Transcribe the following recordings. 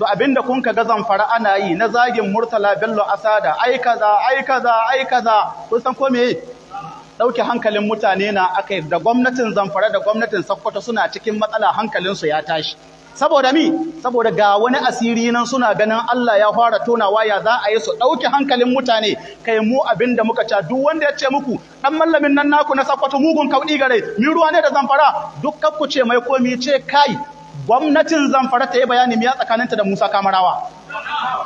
to abinda kun ka ga zamfara ana yi na zagin murtala bello asada ai kaza ai kaza ai kaza kun san ko me dauke hankalin mutane na akai da gwamnatin zamfara da gwamnatin sakkwato suna cikin matsala hankalin su ya tashi saboda mi saboda ga wani asiri nan suna ganin Allah ya fara tonawa ya za a yi su ɗauki hankalin mutane kai mu abinda muka ca duk wanda ya ce muku ɗan mallamin nan naku na sakwato mugun kauɗi gare mi ruwa ne da zamfara duk ku ce mai komi ce kai gwamnatin zamfara ta yi bayanin ya tsakaninta da musa kamarawa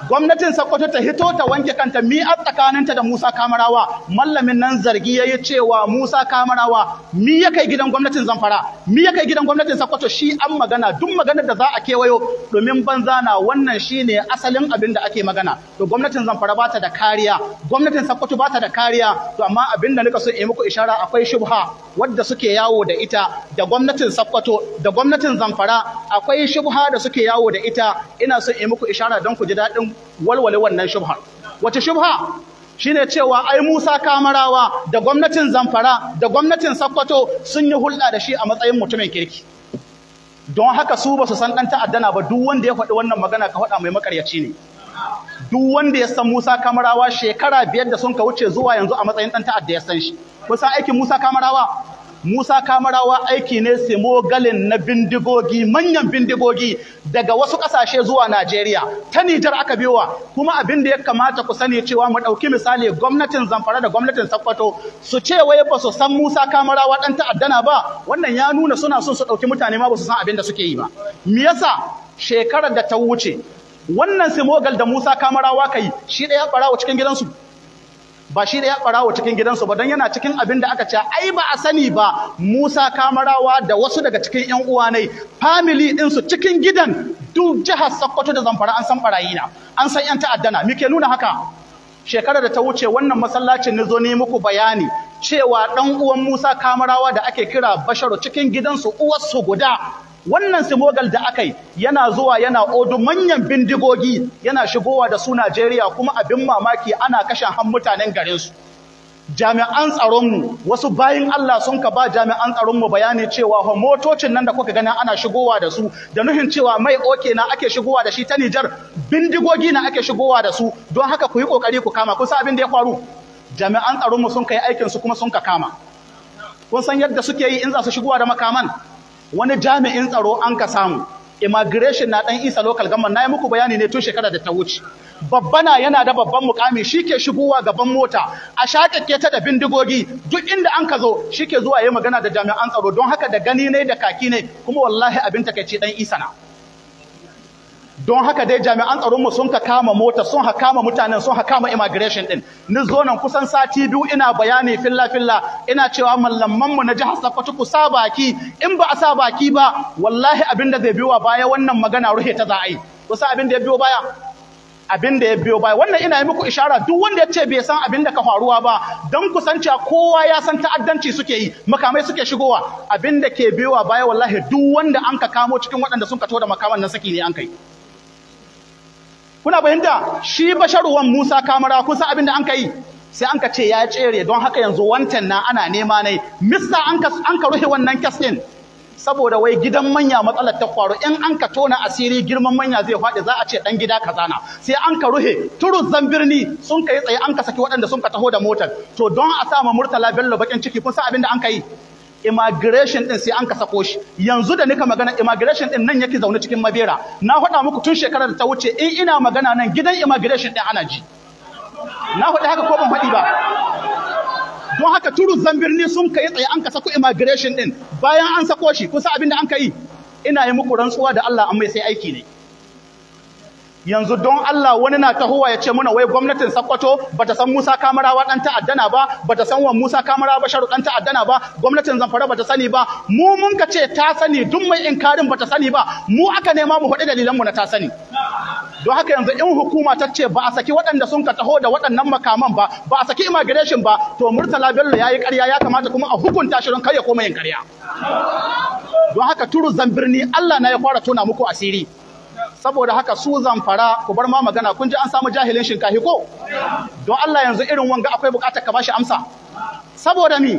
gwamnatin Sokoto ta hito ta wanke kanta mi a tsakaninta da Musa Kamarawa mallamin nan zargi ya yi cewa Musa Kamarawa mi ya kai gidan gwamnatin Zamfara mi ya kai gidan gwamnatin Sokoto shi an magana duk maganar da za a kewayo domin banza na wannan shi ne asalin abin da ake magana to gwamnatin Zamfara ba ta da kariya gwamnatin Sokoto ta da kariya to amma abin da nika so in muku ishara akwai shubha wadda suke yawo da ita da gwamnatin Sokoto da gwamnatin Zamfara akwai shubha da suke yawo da ita ina so in muku ishara dan ku ji daɗin walwale wannan shubha wace shubha Shi ne cewa ai Musa Kamarawa da gwamnatin Zamfara da gwamnatin Sokoto sun yi hulɗa da shi a matsayin mutumin kirki don haka su ba su san dan ta'addana ba duk wanda ya faɗi wannan magana ka faɗa mai makaryaci ne duk wanda ya san Musa Kamarawa shekara biyar da sun ka wuce zuwa yanzu a matsayin dan ta'adda ya san shi kun san aikin Musa Kamarawa Musa Kamarawa aiki ne simogalin na bindigogi manyan bindigogi daga wasu ƙasashe zuwa Najeriya ta Nijar aka biyowa kuma abin da ya kamata ku sani cewa mu ɗauki misali gwamnatin Zamfara da gwamnatin Sokoto su ce wai ba su san Musa Kamarawa ɗan ta'addana ba wannan ya nuna suna son su ɗauki mutane ma ba su san abin da suke yi ba me yasa shekarar da ta wuce wannan simogal da Musa Kamarawa kai shi ɗaya ɓarawa cikin gidansu ba shi da ya barawo cikin gidansu ba don yana cikin abin da aka ce ai ba a sani ba Musa Kamarawa da wasu daga cikin ƴan uwa ne family din su cikin gidan duk jihar Sokoto da Zamfara an san barayi na an san yan ta'addana me ke nuna haka shekarar da ta wuce wannan masallacin ne zo ne muku bayani cewa ɗan uwan Musa Kamarawa da ake kira Basharu cikin gidansu uwarsu guda wannan simogal da aka yi yana zuwa yana odu manyan bindigogi yana shigowa da su Najeriya kuma abin mamaki ana kashe har mutanen garinsu jami'an tsaron tsaronmu wasu bayin Allah sun ka ba jami'an tsaron mu bayani cewa ho motocin nan da kuka gani ana shigowa da su da nuhin cewa mai oke na ake shigowa da shi ta Nijar bindigogi na ake shigowa da su don haka ku yi kokari ku kama kun san abin da ya faru jami'an tsaron mu sun kai aikin su kuma sun ka kama kun san yadda suke yi in za su shigowa da makaman wani jami'in tsaro an ka samu immigration na dan isa local government na yi muku bayani ne tun shekara da ta wuce babbana yana da babban mukami shi ke shigowa gaban mota a shakakke ta da bindigogi duk inda an ka zo shi ke zuwa ya magana da jami'an tsaro don haka da gani ne da kaki ne kuma wallahi abin takaici dan isa na don haka dai jami'an tsaronmu sun ka kama mota sun ha kama mutanen sun ha kama immigration din ni zo nan kusan sati biyu ina bayani filla filla ina cewa mallamman mu na jihar Sokoto ku sa baki in ba a sa baki ba wallahi abin da zai biyo baya wannan magana ruhe ta za a yi abin da ya biyo baya abin da ya biyo baya wannan ina yi muku ishara duk wanda ya ce bai san abin da ka faruwa ba don kusanci kowa ya san ta'addanci suke yi makamai suke shigowa abin da ke biyowa baya wallahi duk wanda an ka kamo cikin waɗanda sun ka to da makaman nan saki ne an kai kuna fahimta shi basharuwan Musa kamara kun san abin da an yi sai anka ce ya tsere don haka yanzu wancan na ana nema na yi. mista an ka ruhe wannan kes din saboda wai gidan manya matsalar ta kwaro in an ka tona asiri girman manya zai faɗi za a ce ɗan gida kazana sai an ka ruhe turu birni sun ka yi tsaye an ka saki waɗanda sun ka taho da motar to don a sa ma murtala bello bakin ciki kun san abin da an yi immigration din sai an ka sako shi yanzu da nika magana immigration din nan yake zaune cikin mabera na faɗa muku tun shekarar da ta wuce in ina magana nan gidan immigration din ana ji na faɗi haka ko ban faɗi ba don haka turu zambirni sun kai tsaye an ka sako immigration din bayan an sako shi kusa abin da an ka yi ina yi muku rantsuwa da Allah an mai sai aiki ne yanzu don Allah wani na tahowa ya ce muna wai gwamnatin Sokoto ta san Musa Kamarawa dan ta'addana ba ba ta san wa Musa Kamarawa Basharu dan ta'addana ba gwamnatin Zamfara ba ta sani ba mu mun ka ce ta sani duk mai inkarin ta sani ba mu aka nema mu faɗi dalilan mu na ta sani don haka yanzu in hukuma ta ce ba a saki waɗanda sun ka taho da waɗannan makaman ba ba a saki immigration ba to Murtala Bello yayi ƙarya ya kamata kuma a hukunta shi don kai ya koma yin ƙarya don haka turu birni Allah na ya fara tona muku asiri saboda haka su zamfara ku bar ma magana kun ji an samu jahilin shinkahi ko don Allah yanzu irin wanga akwai bukatar ka bashi amsa saboda mi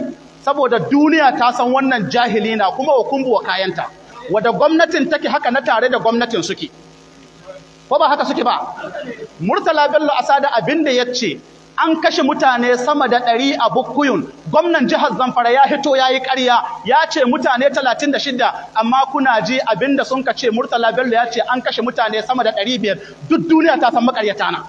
saboda duniya ta san wannan jahili na kuma wa kumbu wa kayanta wada gwamnatin take haka na tare da gwamnatin suke ko ba haka suke ba murtala bello asada abin da ya ce an kashe mutane sama da ɗari a Bukkuyun. Gwamnan jihar Zamfara ya hito ya yi ƙarya ya ce mutane talatin da shida amma kuna ji abinda sun ka ce Murtala Bello ya ce an kashe mutane sama da ɗari biyar duk duniya ta san makaryata na.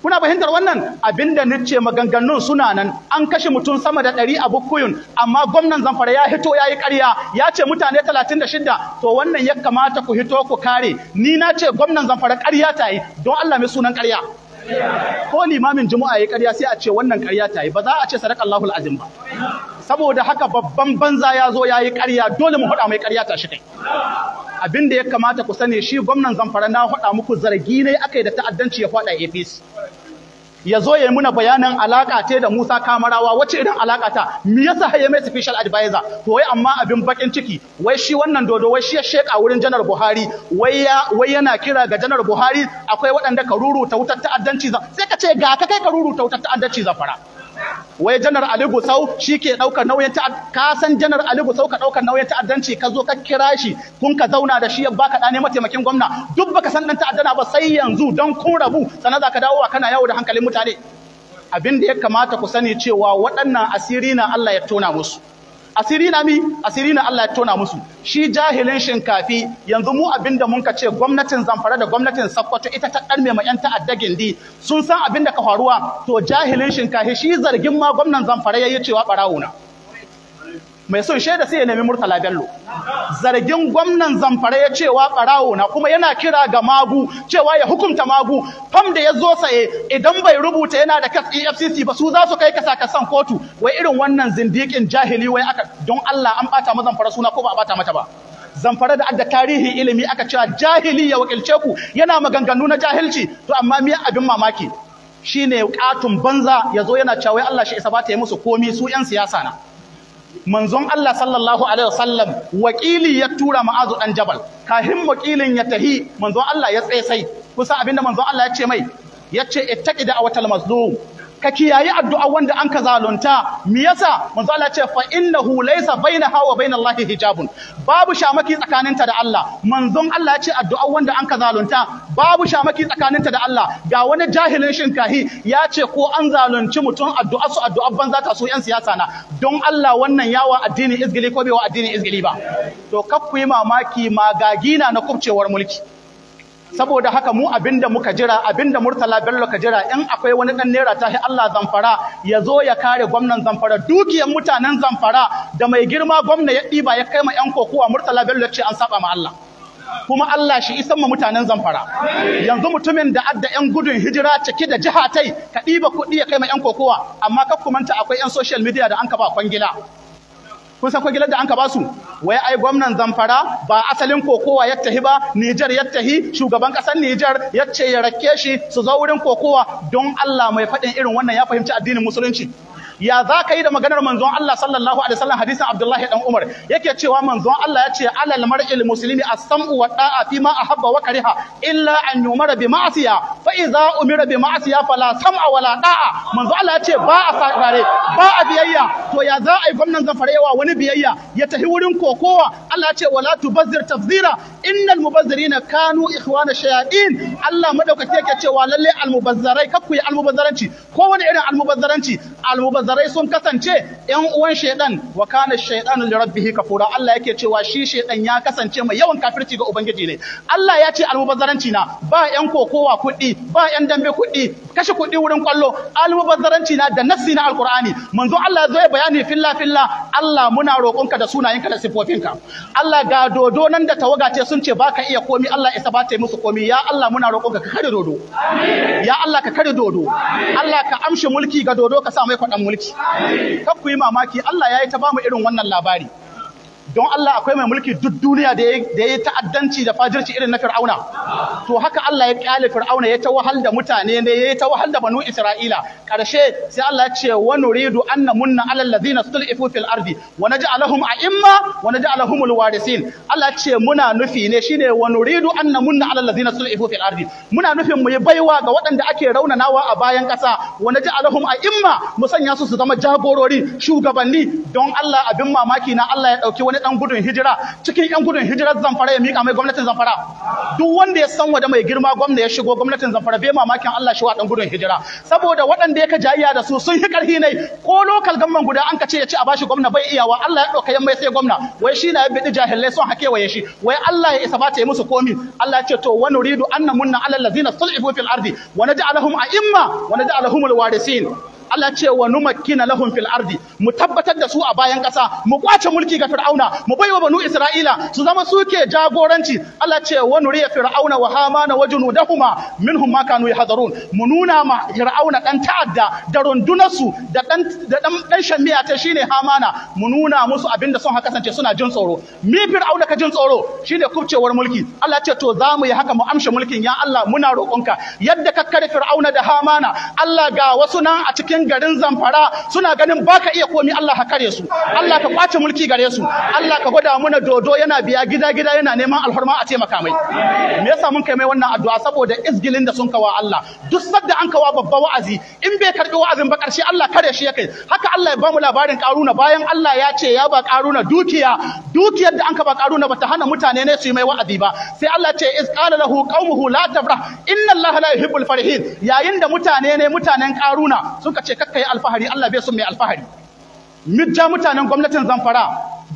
Kuna fahimtar wannan abinda ni ce maganganun suna nan an kashe mutum sama da ɗari a Bukkuyun amma gwamnan Zamfara ya hito ya yi ƙarya ya ce mutane talatin da shida to wannan ya kamata ku hito ku kare ni na ce gwamnan Zamfara ƙarya ta yi don Allah mai sunan ƙarya. ko limamin juma'a ya ƙarya sai a ce wannan ƙarya ta yi ba za a ce sadaka Allahul azim ba saboda haka babban banza ya zo ya yi ƙarya dole mu haɗa mai ƙarya ta shi kai abin da ya kamata ku sani shi gwamnan zamfara na haɗa muku zargi ne aka yi da ta'addanci ya faɗa APC ya zo ya yi muna bayanan alaƙa ce da Musa Kamarawa wacce irin alaƙa ta me yasa haye mai special advisor to wai amma abin bakin ciki wai shi wannan dodo wai shi ya sheka wurin janar Buhari wai ya wai yana kira ga janar Buhari akwai waɗanda ka ruruta wutar ta'addanci sai ka ce ga ka kai ka ruruta wutar ta'addanci zafara wai janar Ali Gusau shi ke ɗaukar nauyin ta ka san janar Ali Gusau ka ɗaukar nauyin ta'addanci ka zo ka kira shi kun ka zauna da shi baka ɗane mataimakin gwamna duk baka san ɗan ta'addana ba sai yanzu don kun rabu sannan za ka dawo kana yawo da hankalin mutane abin da ya kamata ku sani cewa waɗannan asiri na Allah ya tona musu asiri na mi asiri na Allah ya tona musu shi jahilin shinkafi yanzu mu abinda mun ka ce gwamnatin Zamfara da gwamnatin Sokoto ita ta karme ma yan ta'adda gindi sun san abinda ka faruwa to jahilin shinkafi shi zargin ma gwamnan Zamfara yayi cewa ɓarawo na mai son shaida sai ya nemi murtala bello zargin gwamnan zamfara ya cewa barawo na kuma yana kira ga magu cewa ya hukunta magu fam da ya zo saye idan bai rubuta yana da kas efcc ba su za su kai kasa kasan kotu wai irin wannan zindikin jahili wai aka don allah an bata ma zamfara suna ko ba a bata mata ba zamfara da adda tarihi ilimi aka cewa jahili ya wakilce ku yana maganganu na jahilci to amma miya abin mamaki shine katun banza ya zo yana cewa Allah shi isa bata ya yi musu komi su yan siyasa na manzon Allah sallallahu alaihi wasallam wakili ya tura ma'azu dan jabal kahin wakilin ya tahi manzon Allah ya tsaye sai kusa abinda manzon Allah ya ce mai yace ittaqi da awatal mazlum ka kiyayi addu'a wanda an ka zalunta me yasa manzo Allah ce fa innahu laysa bainaha wa bainallahi hijabun babu shamaki tsakaninta da Allah manzon Allah ya ce addu'a wanda an ka zalunta babu shamaki tsakaninta da Allah ga wani jahilin shinkahi ya ce ko an zalunci mutum addu'a su addu'a banza ta su yan siyasa na don Allah wannan yawa addini izgili ko bai wa addini izgili ba to kakku yi mamaki magagina na kubcewar mulki saboda haka mu abinda muka jira abinda murtala bello ka jira in akwai wani dan naira ta Allah zamfara ya zo ya kare gwamnan zamfara dukiyar mutanen zamfara da mai girma gwamna ya ɗiba ya kai ma yan kokowa murtala bello ce an saba ma Allah kuma Allah shi isan ma mutanen zamfara yanzu mutumin da adda yan gudun hijira cike da jihatai, ka ɗiba kuɗi ya kai ma yan kokowa amma kakkumanta akwai yan social media da an ka ba kwangila kun san kwagilar da an ka ba basu wai ai gwamnan zamfara ba asalin kokowa ya tahi ba Nijar ya tahi shugaban kasar Nijar ya ce ya rake shi su zo wurin kokowa don Allah mai faɗin irin wannan ya fahimci addinin musulunci ya za ka yi da maganar manzon Allah sallallahu alaihi wasallam hadisin Abdullahi dan Umar yake cewa manzon Allah ya ce alal mar'il muslimi as-sam'u wa da'a fi ma ahabba wa kariha illa an yumara bi ma'siya fa idza umira bi ma'siya fala sam'a wala da'a manzon Allah ya ce ba a saurare ba a biyayya to ya za a yi gwamnan zafarewa wani biyayya ya tafi wurin kokowa Allah ya ce wala tubazzir tafzira innal mubazzirina kanu ikhwana shayadin. Allah madaukake yake cewa lalle almubazzarai kakku yi almubazzaranci ko wani irin almubazzaranci almubazzaranci almubazzarai sun kasance ƴan uwan shaidan wa kana shaidan li kafura Allah yake cewa shi shaidan ya kasance mai yawan kafirci ga ubangiji ne Allah ya ce almubazzaranci na ba 'yan kokowa kuɗi ba 'yan dambe kuɗi kashe kuɗi wurin kwallo almubazzaranci na da nassi na alqur'ani manzo Allah ya zo ya bayani filla filla Allah muna roƙonka da sunayenka da sifofinka Allah ga dodo nan da tawaga ce sun ce baka iya komi Allah ya sabata musu komi ya Allah muna roƙonka ka kare dodo ya Allah ka kare dodo Allah ka amshi mulki ga dodo ka sa mai kwaɗan mulki kafirci kar ku yi mamaki Allah ya yi ta bamu irin wannan labari don Allah akwai mai mulki duk duniya da ya yi ta'addanci da fajirci irin na Fir'auna to haka Allah ya kyale Fir'auna ya ta wahal da mutane ne ya ta wahal da banu Isra'ila karshe sai Allah ya ce wa nuridu anna munna alal ladina stulifu fil ardi wa naj'alahum a'imma wa naj'alahum alwarisin Allah ya ce muna nufi ne shine wa nuridu anna munna alal ladina stulifu fil ardi muna nufin mu yi baiwa ga waɗanda ake raunanawa a bayan ƙasa wa naj'alahum a'imma mu sanya su su zama jagorori shugabanni don Allah abin mamaki na Allah ya dauki wani wani dan gudun hijira cikin yan gudun hijirar zamfara ya mika mai gwamnatin zamfara duk wanda ya san wada mai girma gwamna ya shigo gwamnatin zamfara bai mamakin Allah shi wa dan gudun hijira saboda waɗanda yake jayayya da su sun yi karhi ne ko lokal gamman guda an ka ce ya ci a bashi gwamna bai iyawa Allah ya dauka yan sai gwamna wai shi na ya bidi jahilai sun hakewaye shi wai Allah ya isa ba ta yi musu komi Allah ya ce to wa nuridu annamunna alal ladzina sul'ibu fil ardi wa naj'aluhum a'imma wa naj'aluhum al-warisin Allah ce wa numakkina lahum fil ardi mu tabbatar da su a bayan kasa mu kwace mulki ga fir'auna mu baiwa banu isra'ila su zama suke jagoranci Allah ce wa nuriya fir'auna wa hamana wa junudahuma minhum ma kanu yahdharun mu nuna ma fir'auna dan ta'adda da rundunar su da dan da dan, dan shammiya ta shine hamana mu nuna musu abinda sun haka kasance suna jin tsoro mi fir'auna ka jin tsoro shine kubcewar mulki Allah ce to za mu yi haka mu amshe mulkin ya Allah muna roƙonka yadda ka kare fir'auna da hamana Allah ga wasu nan a cikin cikin garin Zamfara suna ganin baka iya komi Allah ka kare su Allah ka kwace mulki gare su Allah ka gwada mana dodo yana biya gida gida yana neman alhorma a taimaka mai me yasa mun kai mai wannan addu'a saboda izgilin da sun kawa Allah duk sadda an kawa babba wa'azi in bai karbi wa'azin ba karshe Allah kare shi kai. haka Allah ya bamu labarin Karuna bayan Allah ya ce ya ba Karuna dukiya dukiyar da an ka ba Karuna bata hana mutane ne su yi mai wa'azi ba sai Allah ce iz qala lahu qaumuhu la tafrah inna Allah la yuhibbul farihin yayin da mutane ne mutanen Karuna suka ce kakka yi alfahari Allah bai son mai alfahari mijja mutanen gwamnatin zamfara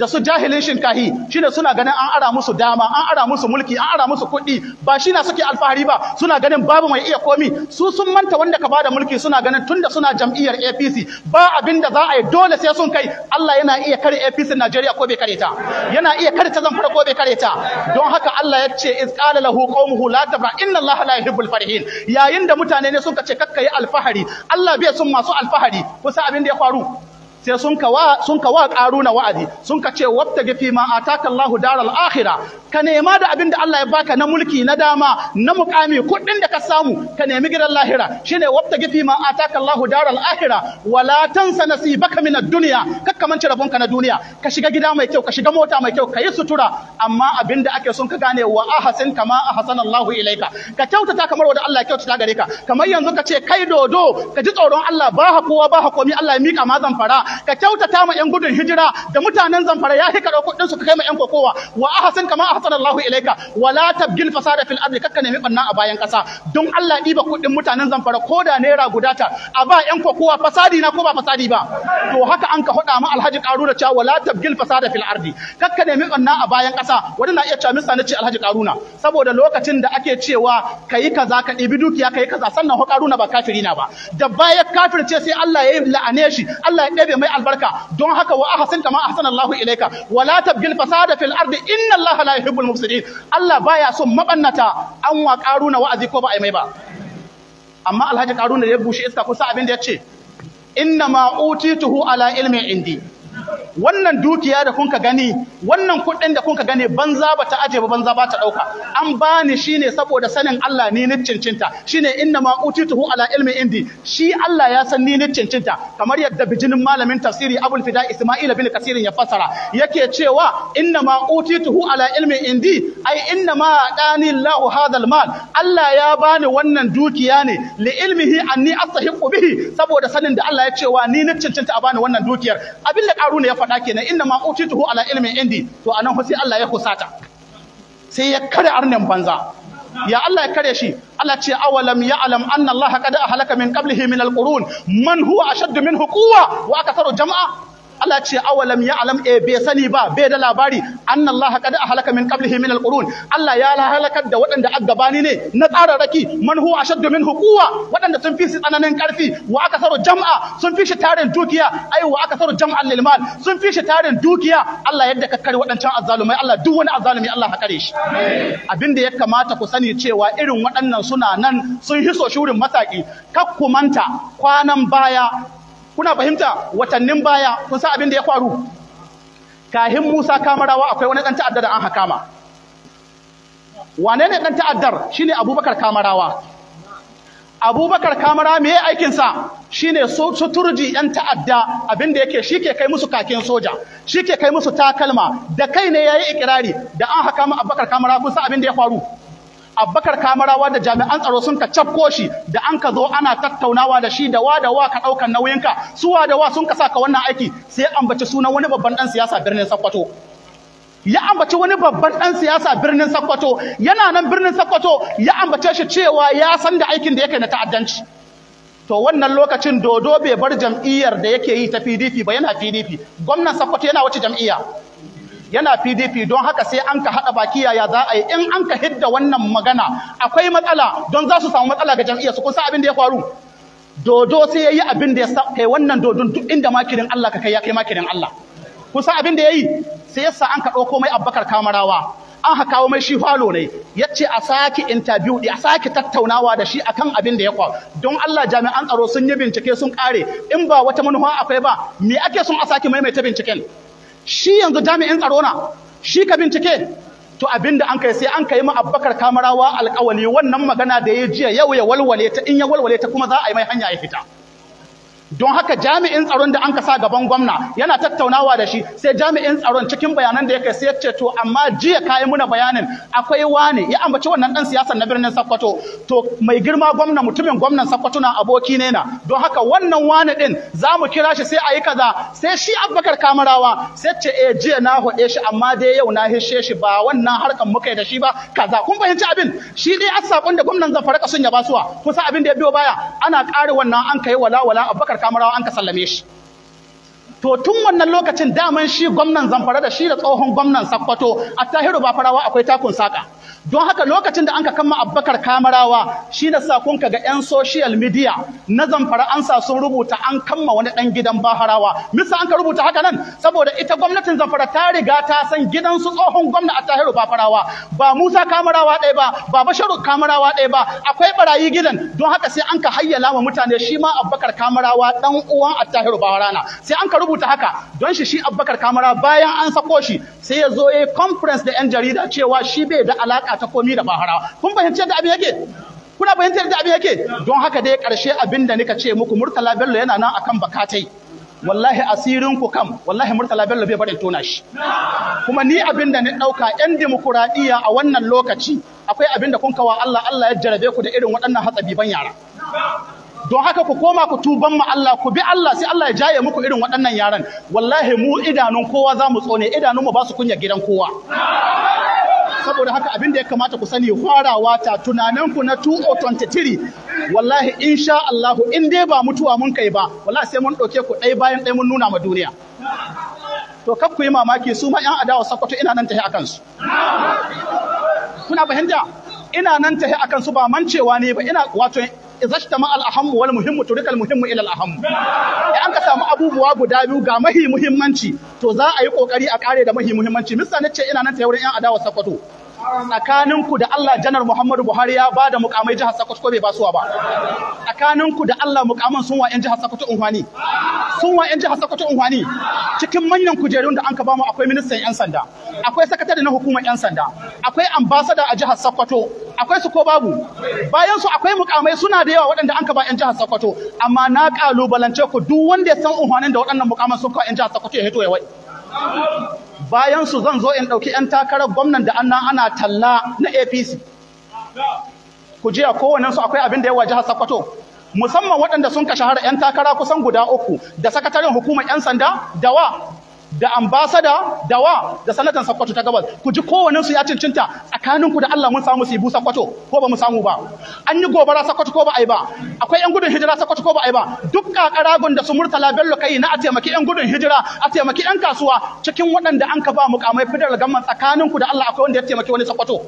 da su jahilin shinkahi shine suna ganin an ara musu dama an ara musu mulki an ara musu kuɗi ba shi na suke alfahari ba suna ganin babu mai iya komi su sun manta wanda ka bada mulki suna ganin tunda suna jam'iyyar APC ba abin da za a yi dole sai sun kai Allah yana iya kare APC Najeriya ko bai kare ta yana iya kare ta zamfara ko bai kare ta don haka Allah ya ce iz qala lahu qaumuhu la tabra inna Allah la yuhibbul farihin yayin da mutane ne suka ce kakkai alfahari Allah bai sun masu alfahari kusa abin da ya faru sai sun ka wa sun ka wa'adi sun ka ce wata fi ma ataka Allahu daral akhirah ka nema da abin da Allah ya baka na mulki na dama na mukami kuɗin da ka samu ka nemi gidan lahira shine wata fi ma ataka Allahu daral akhirah wala tansa nasibaka baka ad duniya ka manci rabonka na duniya ka shiga gida mai kyau ka shiga mota mai kyau ka yi sutura amma abin da ake sun ka gane wa ahsin kama ahsana Allahu ilaika ka kyautata kamar wanda Allah ya kyautata gare ka kamar yanzu ka ce kai dodo ka ji tsoron Allah ba ha kowa ba komi Allah ya mika mazan fara ka kyautata ma yan gudun hijira da mutanen zamfara ya hika ɗauko ɗinsu ka kai ma yan kokowa wa ahsan kama ahsan Allahu ilaika wala tabgil fasada fil ardi kakka nemi banna a bayan ƙasa don Allah ɗiba kuɗin mutanen zamfara ko da naira guda ta a ba yan kokowa fasadi na ko ba fasadi ba to haka an ka hoɗa ma Alhaji Karuna cewa wala tabgil fasada fil ardi kakka nemi banna a bayan ƙasa wani na iya cewa mista na ce Alhaji Karuna saboda lokacin da ake cewa kayi kaza ka ɗibi dukiya kayi kaza sannan ho ba kafiri na ba da baya ce sai Allah ya la'ane shi Allah ya ɗebe mai albarka don haka wa ahsin kama ahsanallahu ilaika wala tabgil fasada fil ardi inna allaha la yuhibbul mufsidin Allah baya son mabannata an wa karuna wa'azi ko ba ai mai ba amma alhaji karuna ya bushe iska kusa abin da ya ce inna ma utituhu ala ilmi indi wannan dukiya da ka gani wannan kuɗin da kunka gani banza ba ta aje ba banza ba ta ɗauka an bani shine saboda sanin Allah ni ni cincinta shine inna ma utituhu ala ilmi indi shi Allah ya san ni ni cincinta kamar yadda bijinin malamin tafsiri Abul Fida Isma'il bin kasirin ya fasara yake cewa inna ma utituhu ala ilmi indi ai inna ma dani Allahu hadal mal Allah ya bani wannan dukiya ne li ilmihi anni astahiqu bihi saboda sanin da Allah ya cewa ni ni cincinta a bani wannan dukiyar abin da karu haruna ya faɗa kenan inda ma utituhu ala ilmin indi to anan sai Allah ya husata sai ya kare arnin banza ya Allah ya kare shi Allah ce awalam alam anna Allah qad ahlaka min qablihi min alqurun man huwa ashaddu minhu quwwa wa kasar jama'a Allah ce awalam ya alam e eh, bai sani ba bai da labari annallaha a halaka min qablihi min alqurun Allah ya halakar da waɗanda gabani ne na tsararraki man huwa ashaddu minhu quwwa waɗanda sun fi tsananin karfi wa akasaru jam'a sun fi shi tarin dukiya ai wa akasaru jam'an lil mal sun fi shi tarin dukiya Allah yadda ka kare waɗancan azzalumai Allah duk wani azzalumi Allah ka kare shi Abinda ya kamata ku sani cewa irin waɗannan suna nan sun hiso shurin masaki manta kwanan baya kuna fahimta watannin baya kun san abin da ya faru kahin Musa Kamarawa akwai wani dan ta'addar da an hakama wane ne dan ta'addar shine Abubakar Kamarawa Abubakar Kamara me aikin sa shine suturji yan ta'adda abin da yake shike kai musu kakin soja shike kai musu takalma da kai ne yayi ikirari da an hakama Abubakar Kamara kun san abin da ya faru Abubakar kamarawa da jami'an tsaro sun ka cafko shi da an ka zo ana tattaunawa da shi da wa da wa ka ɗaukan nauyinka su wa da wa sun ka sa wannan aiki sai ambaci sunan wani babban ɗan siyasa birnin sakkwato ya ambaci wani babban ɗan siyasa birnin sakkwato yana nan birnin sakkwato ya ambace shi cewa ya san da aikin da yake na ta'addanci to wannan lokacin dodo bai bar jam'iyyar da yake yi ta pdp ba yana pdp gwamnan sakkwato yana wace jam'iyya yana PDP don haka sai an ka haɗa baki yaya za a yi in an ka hidda wannan magana akwai matsala don za su samu matsala ga jami'a su kun abin da ya faru dodo sai yayi abin da ya sa kai wannan dodon duk inda makirin Allah ka kai ya kai makirin Allah kun abin da ya yi sai yasa an ka ɗauko mai abbakar Kamarawa an ha kawo mai shi falo ne ya ce a sake interview a sake tattaunawa da shi akan abin da ya kwa don Allah jami'an tsaro sun yi bincike sun kare in ba wata manufa akwai ba me ake son a sake maimaita binciken shi yanzu jami'in tsaro na shi ka bincike to abin da an kai sai an kai ma abbakar kamarawa alƙawali wannan magana da ya jiya yau ya walwale ta in ya walwale ta kuma za a yi mai hanya ya fita don haka jami'in tsaron da an ka sa gaban gwamna yana tattaunawa da shi sai jami'in tsaron cikin bayanan da yake sai ya ce to amma jiya kayi muna bayanin akwai wani ya ambaci wannan dan siyasar na birnin Sokoto to mai girma gwamna mutumin gwamnan Sokoto na aboki ne na don haka wannan wani din zamu kira shi sai ayi kaza sai shi Abubakar Kamarawa sai ce eh jiya na hode shi amma dai yau na hishe shi ba wannan harkan muka yi da shi ba kaza kun fahimci abin shi dai a da gwamnan Zamfara kasun ya suwa kusa abin da ya biyo baya ana kare wannan an kai wala wala Abubakar amurawa an ka sallame shi to tun wannan lokacin daman shi gwamnan zamfara da shi da tsohon gwamnan sakkwato a tahiru Bafarawa akwai takun saƙa. don haka lokacin da anka kama abbakar kamarawa shi na ka ga 'yan social media na zamfara an sa sun rubuta an kama wani ɗan gidan baharawa misa an ka rubuta haka nan saboda ita gwamnatin zamfara ta riga ta san gidan su tsohon gwamna a tahiru bafarawa ba musa kamarawa ɗaya ba ba basharu kamarawa ɗaya ba akwai barayi gidan don haka sai an ka hayyala wa mutane shi ma abbakar kamarawa ɗan uwan a tahiru baharana sai an ka rubuta haka don shi shi abbakar kamarawa bayan an sako shi sai ya zo ya yi conference da 'yan jarida cewa shi bai da alaƙa faɗa ta komi da bahara kun fahimci yadda abin yake kuna fahimtar da abin yake don haka dai ƙarshe abin da nika ce muku murtala bello yana nan akan bakatai wallahi asirin ku kam wallahi murtala bello bai bari tona shi kuma ni abin da ni dauka yan dimokuraɗiyya a wannan lokaci akwai abin da kun kawa Allah Allah ya jarabe ku da irin waɗannan ban yara don haka ku koma ku tuban mu Allah ku bi Allah sai Allah ya jaye muku irin waɗannan yaran wallahi mu idanun kowa za mu tsone idanun mu ba su kunya gidan kowa saboda haka abin da ya kamata ku sani farawa ta tunanin ku na 2023 wallahi insha Allah in dai ba mutuwa mun kai ba wallahi sai mun ɗauke ku ɗai bayan ɗai mun nuna ma duniya to kaf ku yi mamaki su ma ƴan adawa sakwato ina nan tahi akan su kuna fahimta ina nan tahi akan su ba mancewa ne ba ina wato izajtama al ahammu wal muhimmu turikal muhimmu ila al ahammu an ka samu abubuwa guda biyu ga mahi muhimmanci to za a yi kokari a kare da mahi muhimmanci misali ce ina nan ta wurin yan adawa sakwato tsakaninku da Allah janar Muhammadu Buhari ya ba da mukamai jihar Sokoto ko bai basuwa ba tsakaninku da Allah mukaman sun wa yan jihar Sokoto unhwani sun wa yan jihar Sokoto unhwani cikin manyan kujerun da an ka bamu akwai ministan yan sanda akwai sakatare na hukumar yan sanda akwai ambassador a jihar Sokoto akwai su ko babu bayan su akwai mukamai suna da yawa waɗanda an ka ba yan jihar Sokoto amma na kalubalance ku duk wanda ya san unhwanin da waɗannan mukaman sun kawo yan jihar Sokoto ya hito ya wai bayan su zan zo in ɗauki 'yan takarar gwamnan da annan ana talla na apc ku jiya kowane su akwai abin da yawa jihar sakwato musamman waɗanda sun ka shahara 'yan takara kusan guda uku da sakataren hukumar 'yan sanda da wa da ambasada da wa da sanatan sakwato ta gabas ku ji kowannen su ya cincinta tsakaninku da Allah mun samu su ibu sakwato ko ba mu samu ba an yi gobara sakwato ko ba ai ba akwai yan gudun hijira sakwato ko ba ai ba duk kakaragon da su murtala bello kai na a taimaki yan gudun hijira a taimaki yan kasuwa cikin waɗanda an ka ba mukamai fidar gamman tsakaninku da Allah akwai wanda ya taimaki wani sakwato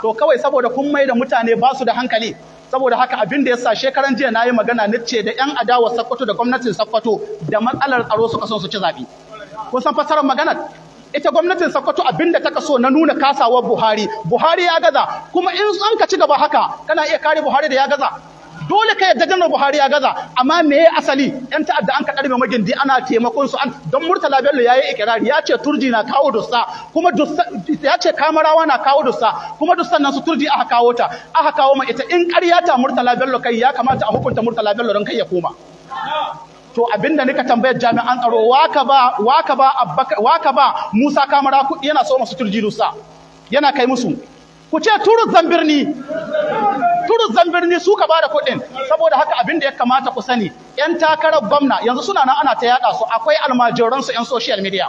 to kawai saboda kun mai da mutane ba su da hankali saboda haka abin da ya sa shekaran jiya na yi magana na ce da 'yan adawa sakwato da gwamnatin sakwato da matsalar tsaro suka son su ci zaɓe kun san fasarar maganar ita gwamnatin Sokoto abinda ta kaso na nuna kasawar Buhari Buhari ya gaza kuma in an ka ci gaba haka kana iya kare Buhari da ya gaza dole ka yadda janar Buhari ya gaza amma me ya asali yan ta'adda an kaɗar mai magindi ana taimakon su an don Murtala Bello ya yi ikirari ya ce turji na kawo dusta kuma dusta ya ce kamarawa na kawo dusta kuma dusta nan su turji aka kawo ta aka kawo ma ita in ƙarya ta Murtala Bello kai ya kamata a hukunta Murtala Bello don kai ya koma to abinda nika tambayar jami'an tsaro waka ba ba Musa Kamara kuɗi yana so masu turji sa yana kai musu ku ce turu zambirni turu zambirni su ka bada kuɗin saboda haka abinda ya kamata ku sani yan takarar gwamna yanzu suna nan ana ta yada su akwai almajiran yan social media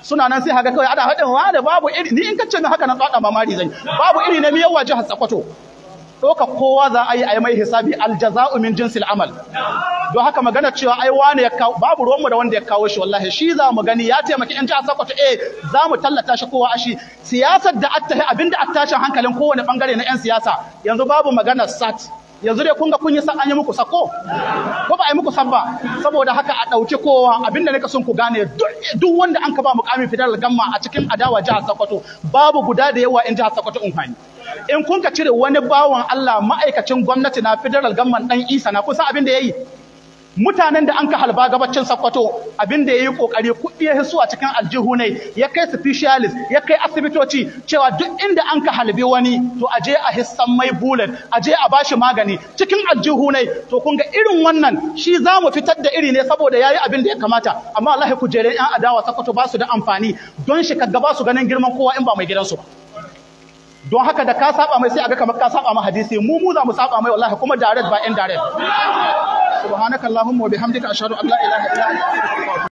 suna nan sai haka kawai ana haɗin wa da babu iri ni in kace haka nan tsada mamari zan babu iri na miyawa jihar Sokoto ɗauka kowa za a yi a yi mai hisabi aljaza'u min jinsil amal don haka magana cewa ai wane ya kawo babu ruwanmu da wanda ya kawo shi wallahi shi za mu gani ya taimaki yan jihar Sokoto eh za mu tallata shi kowa ashi siyasar da attahi abinda attashin hankalin kowane bangare na yan siyasa yanzu babu magana sat yanzu dai kun ga kun yi san an yi muku sako ko ba a yi muku san ba saboda haka a ɗauki kowa abinda nika son ku gane duk wanda an ka ba mukamin fidar gamma a cikin adawa jihar Sokoto babu guda da yawa in jihar Sokoto in fani in kun ka cire wani bawan Allah ma'aikacin gwamnati na federal gamman dan Isa na kusa abin da ya yi? mutanen da an ka halba gabacin Sokoto abinda yi kokari kuɗi ya hisu a cikin aljihu ne ya kai specialist ya kai asibitoci cewa duk inda an ka halbe wani to a je a hissan mai bullet a je a bashi magani cikin aljihu ne to kun ga irin wannan shi za mu fitar da iri ne saboda yayi abin da ya kamata amma Allah ya kujere yan adawa sakwato ba su da amfani don shi ka ba su ganin girman kowa in ba mai gidansu ba don haka da ka saba mai sai aga kamar ka saba ma hadisi mu mu za mu saba mai wallahi kuma direct ba in direct subhanakallahumma wa bihamdika ashhadu an la ilaha illa anta astaghfiruka wa atubu